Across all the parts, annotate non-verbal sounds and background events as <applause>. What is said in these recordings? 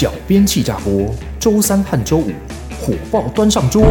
小編氣炸鍋，周三和周五火爆端上桌。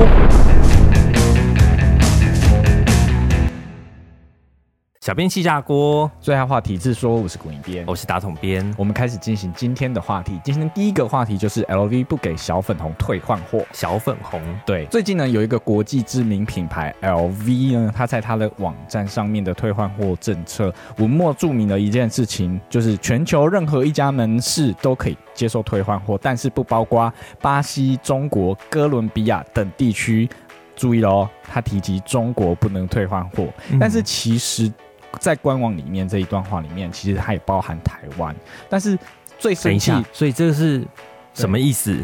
小編氣炸鍋，最害話題是說，我是滾一編，我是打統編，我們開始進行今天的話題。今天第一個話題就是 LV 不給小粉紅退換貨。小粉紅，對，最近呢有一個國際知名品牌 LV 呢，他在他的網站上面的退換貨政策，文末註明的一件事情就是全球任何一家門市都可以接受退換貨，但是不包括巴西、中國、哥倫比亞等地區。注意了哦，他提及中國不能退換貨，嗯、但是其實。在官網裡面這一段話裡面，其實它也包含台灣，但是最生氣，所以這是對什麼意思？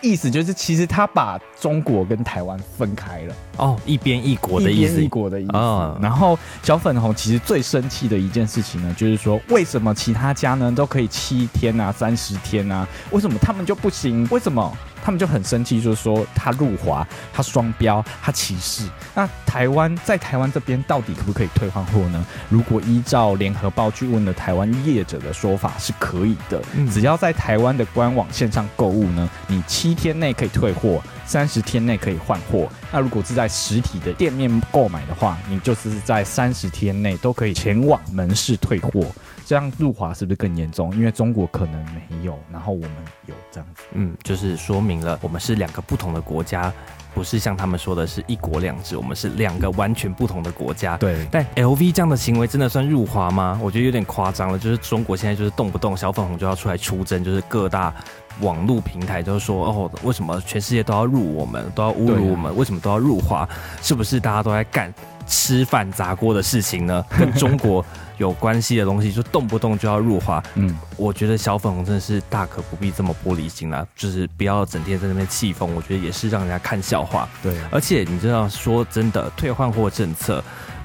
意思就是其實他把中國跟台灣分開了，哦，oh, 一邊一國的意思，一邊一國的意思。Oh. 然後小粉紅其實最生氣的一件事情呢，就是說為什麼其他家呢都可以七天啊、三十天啊，為什麼他們就不行？為什麼？他們就很生氣，就是說他入華，他雙標，他歧視。那台灣在台灣這邊到底可不可以退換貨呢？如果依照聯合報去問了台灣業者的說法是可以的，只要在台灣的官網線上購物呢，你七天內可以退貨，三十天內可以換貨。那如果是在實體的店面購買的話，你就是在三十天內都可以前往門市退貨。這樣入華是不是更嚴重？因為中國可能沒有，然後我們有這樣子，嗯，就是說明了我們是兩個不同的國家，不是像他們說的是一國兩制，我們是兩個完全不同的國家。對。但 LV 這樣的行為真的算入華嗎？我覺得有點誇張了。就是中國現在就是動不動小粉紅就要出來出征，就是各大網絡平台就說哦，為什麼全世界都要入我們，都要侮辱我們？啊、為什麼都要入華？是不是大家都在幹吃飯砸鍋的事情呢？跟中國。 <laughs> 有關係的東西就動不動就要入華，嗯，我覺得小粉紅真的是大可不必這麼玻璃心啦。就是不要整天在那邊氣瘋，我覺得也是讓人家看笑話。對，而且你知道，說真的，退換貨政策，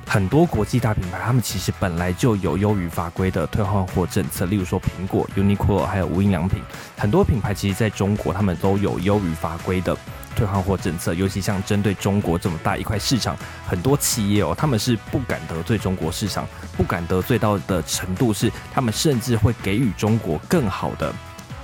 很多國際大品牌他們其實本來就有優於法規的退換貨政策，例如說蘋果、Uniqlo 還有無印良品，很多品牌其實在中國他們都有優於法規的。退換貨政策，尤其像針對中國這麼大一塊市場，很多企業哦，他們是不敢得罪中國市場，不敢得罪到的程度是，他們甚至會給予中國更好的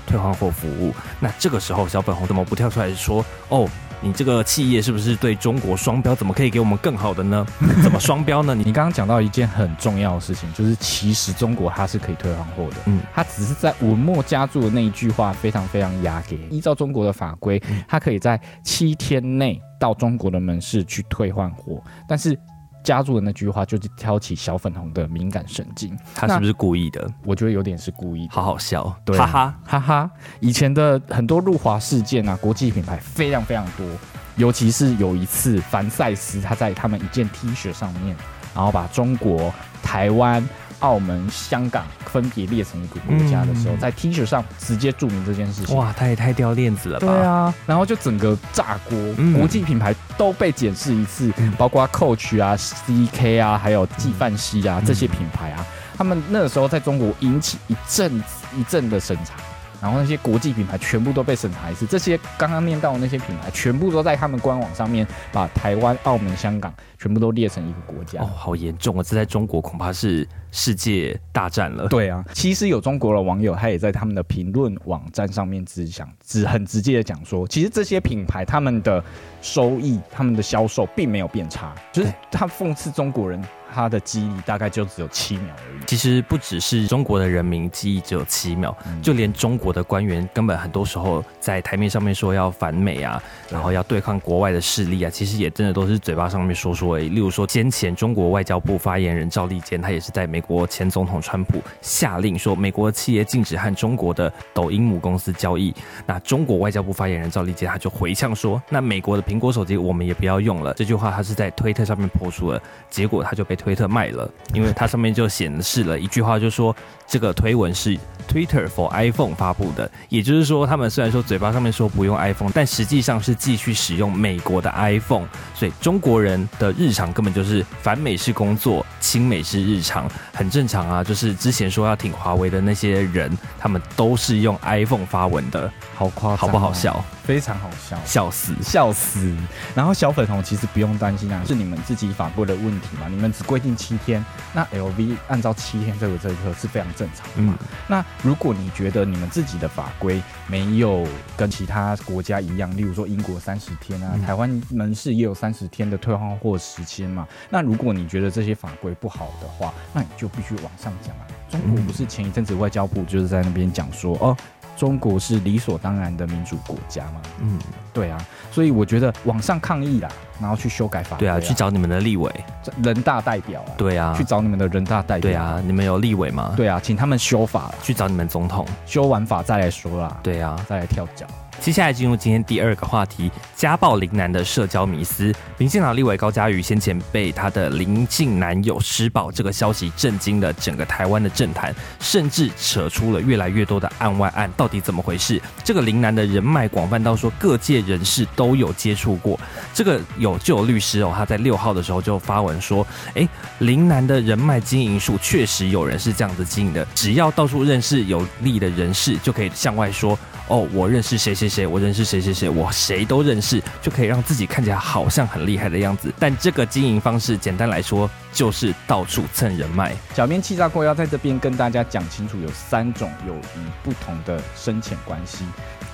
退換貨服務。那這個時候，小粉紅怎麼不跳出來說哦？你這個企業是不是對中國雙標？怎麼可以給我們更好的呢？怎麼雙標呢？你， <laughs> 你剛剛講到一件很重要的事情，就是其實中國它是可以退換貨的，嗯，它只是在文末加注的那一句話非常非常嚴格。依照中國的法規，它可以在七天內到中國的門市去退換貨，但是，加入的那句話就是挑起小粉紅的敏感神經，他是不是故意的？我覺得有點是故意，好好笑，對哈哈哈哈！以前的很多入華事件啊，國際品牌非常非常多，尤其是有一次凡賽斯他在他們一件 T 恤上面，然後把中國台灣。澳門、香港分別列成一個國家的時候，在 T 恤上直接註明這件事情，哇，他也太掉鏈子了吧！對啊，然後就整個炸鍋，嗯、國際品牌都被檢視一次，嗯、包括 Coach 啊、CK 啊，還有紀梵希啊、嗯、這些品牌啊，他們那個時候在中國引起一陣一陣的審查。然後那些國際品牌全部都被審查一次，這些剛剛念到的那些品牌，全部都在他們官網上面把台灣、澳門、香港全部都列成一個國家。哦，好嚴重啊，哦！這在中國恐怕是世界大戰了。對啊，其實有中國的網友他也在他們的評論網站上面直講、只很直接的講說，其實這些品牌他們的收益、他們的銷售並沒有變差，就是他諷刺中國人。他的記憶大概就只有七秒而已。其實不只是中國的人民記憶只有七秒，嗯、就連中國的官員根本很多時候在台面上面說要反美啊，然後要對抗國外的勢力啊，其實也真的都是嘴巴上面說說而已。例如說，先前中國外交部發言人趙立堅，他也是在美國前總統川普下令說美國企業禁止和中國的抖音母公司交易，那中國外交部發言人趙立堅他就回嗆說：“那美國的蘋果手機我們也不要用了。”這句話他是在推特上面 PO 出了，結果他就被推特賣了，因為它上面就顯示了一句話，就說這個推文是 Twitter for iPhone 發布的，也就是說，他們雖然說嘴巴上面說不用 iPhone，但實際上是繼續使用美國的 iPhone，所以中國人的日常根本就是反美式工作，親美式日常，很正常啊。就是之前說要挺華為的那些人，他們都是用 iPhone 發文的，好誇張哦，好不好笑？非常好笑，笑死，笑死！然後小粉紅其實不用擔心啊，是你們自己法規的問題嘛。你們只規定七天，那 LV 按照七天這個政策是非常正常的嘛。嗯、那如果你覺得你們自己的法規沒有跟其他國家一樣，例如說英國三十天啊，嗯、台灣門市也有三十天的退換貨時間嘛。那如果你覺得這些法規不好的話，那你就必須往上講啊。中國、哦嗯、不是前一陣子外交部就是在那邊講說哦。中國是理所當然的民主國家嘛，嗯，對啊。所以我覺得網上抗議啦。然後去修改法，對啊，對啊，去找你們的立委、人大代表啊，對啊，去找你們的人大代表、啊，對啊，你們有立委嗎？對啊，請他們修法。去找你們總統修完法再來說啦，對啊，再來跳腳。接下來進入今天第二個話題：家暴林男的社交迷思。民進黨立委高嘉瑜先前被他的林姓男友施暴，這個消息震驚了整個台灣的政壇，甚至扯出了越來越多的案外案。到底怎麼回事？這個林男的人脈廣泛到說各界人士都有接觸過，這個有。就有律師哦，他在六號的時候就發文說：“哎，林男的人脈經營術確實有人是這樣子經營的，只要到處認識有利的人士，就可以向外說哦，我認識誰誰誰，我認識誰誰誰，我誰都認識，就可以讓自己看起來好像很厲害的樣子。但這個經營方式，簡單來說，就是到處蹭人脈。”小編氣炸鍋要在這邊跟大家講清楚，有三種友誼不同的深淺關係。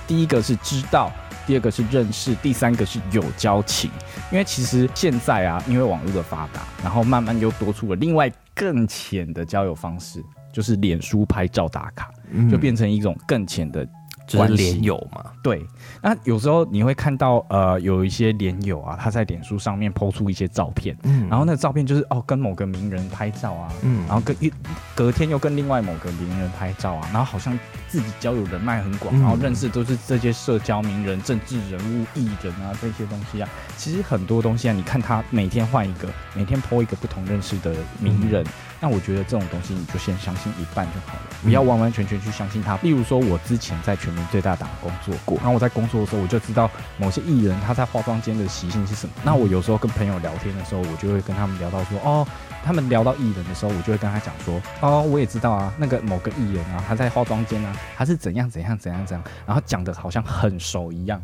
第一個是知道。第二個是認識，第三個是有交情。因為其實現在啊，因為網絡的發達，然後慢慢又多出了另外更淺的交友方式，就是臉書拍照打卡，嗯、就變成一種更淺的。關聯友嘛係，對，那有時候你會看到呃，有一些連友啊，他在臉書上面拋出一些照片，嗯、然後那個照片就是哦，跟某個名人拍照啊，嗯，然後跟一隔天又跟另外某個名人拍照啊，然後好像自己交友人脈很廣，然後認識都是這些社交名人、政治人物、藝人啊這些東西啊，其實很多東西啊，你看他每天換一個，每天拋一個不同認識的名人，嗯、那我覺得這種東西你就先相信一半就好了，不要完完全全去相信他。嗯、例如說，我之前在全最大的工作過，然後我在工作的時候，我就知道某些藝人他在化妝間的習性是什麼。那我有時候跟朋友聊天的時候，我就會跟他們聊到說，哦，他們聊到藝人的時候，我就會跟他講說，哦，我也知道啊，那個某個藝人啊，他在化妝間啊，他是怎樣怎樣怎樣怎樣，然後講得好像很熟一樣。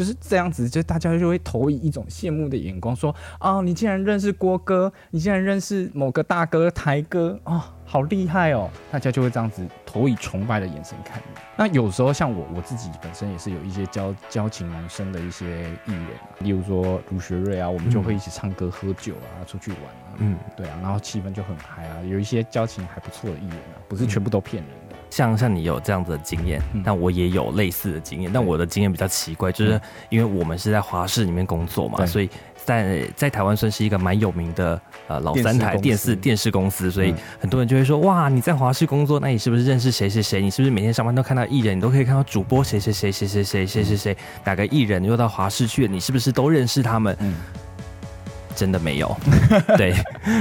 就是這樣子，就是、大家就會投以一種羨慕的眼光，說啊、哦，你竟然認識郭哥，你竟然認識某個大哥、台哥啊、哦，好厲害哦！大家就會這樣子投以崇拜的眼神看你。那有時候像我，我自己本身也是有一些交交情蠻深的一些藝人、啊，例如說盧學瑞啊，我們就會一起唱歌、喝酒啊，嗯、出去玩啊，嗯，對啊，然後氣氛就很嗨啊，有一些交情還不錯的藝人啊，不是全部都騙人。嗯嗯像像你有這樣子的經驗，但我也有類似的經驗，但我的經驗比較奇怪，就是因為我們是在華視裡面工作嘛，所以在在台灣算是一個蠻有名的呃老三台電視電視公司，所以很多人就會說哇，你在華視工作，那你是不是認識誰誰誰？你是不是每天上班都看到藝人，你都可以看到主播誰誰誰誰誰誰誰誰誰哪個藝人又到華視去了，你是不是都認識他們？真的沒有，對。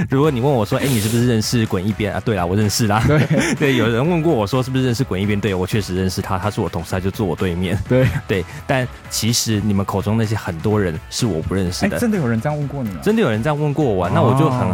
如果你問我說，欸，你是不是認識滾一編啊？對啦，我認識啦。對對，對，有人問過我說，是不是認識滾一編？對，我確實認識他，他是我同事，他就坐我對面。對對，但其實你們口中那些很多人是我不認識的。欸，真的有人這樣問過你嗎？真的有人這樣問過我啊？那我就很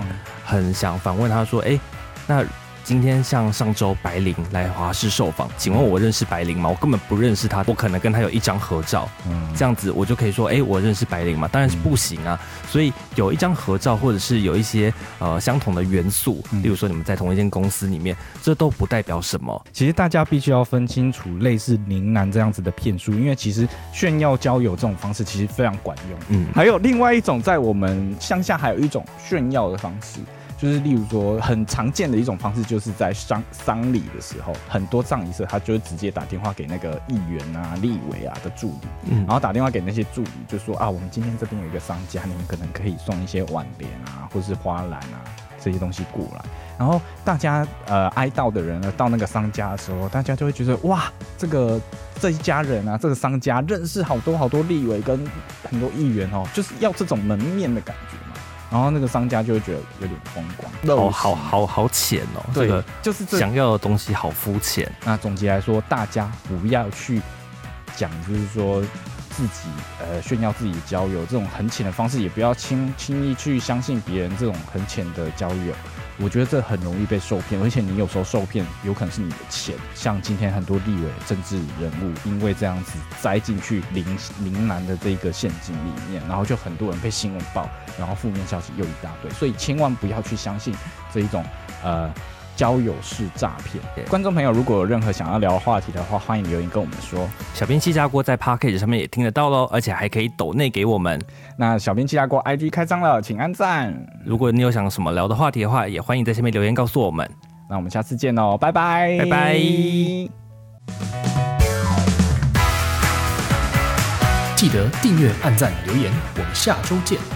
很想反問他說，欸，那。今天像上週白靈來華視受訪，請問我認識白靈嗎？我根本不認識他，我可能跟他有一張合照，這樣子我就可以說，哎、欸，我認識白靈嘛？當然是不行啊。所以有一張合照，或者是有一些呃相同的元素，例如說你們在同一間公司裡面，這都不代表什麼。其實大家必須要分清楚類似林男這樣子的騙術，因為其實炫耀交友這種方式其實非常管用。嗯，還有另外一種，在我們鄉下還有一種炫耀的方式。就是例如說，很常見的一種方式，就是在喪喪禮的時候，很多葬儀社他就會直接打電話給那個議員啊、立委啊的助理，嗯、然後打電話給那些助理，就說啊，我們今天這邊有一個商家，你們可能可以送一些輓聯啊，或是花籃啊這些東西過來。然後大家呃哀悼的人呢，到那個商家的時候，大家就會覺得哇，這個這一家人啊，這個商家認識好多好多立委跟很多議員哦、喔，就是要這種門面的感覺。然後那個商家就會覺得有點風光心、哦，好好好好淺哦，對。就是想要的東西好膚淺。那總結來說，大家不要去講，就是說自己呃炫耀自己的交友這種很淺的方式，也不要輕輕易去相信別人這種很淺的交友。我覺得這很容易被受騙，而且你有時候受騙，有可能是你的錢。像今天很多立委政治人物，因為這樣子栽進去林、林男的這個陷阱裡面，然後就很多人被新聞報，然後負面消息又一大堆，所以千萬不要去相信這一種呃。交友式詐騙。對觀眾朋友如果有任何想要聊的話題的話，歡迎留言跟我們說。小編氣炸鍋在 Podcast 上面也聽得到嘍，而且還可以抖內給我們。那小編氣炸鍋 IG 開張了，請按讚。如果你有想什麼聊的話題的話，也歡迎在下面留言告訴我們。那我們下次見哦，拜拜，拜拜。記得訂閱、按讚、留言，我們下周見。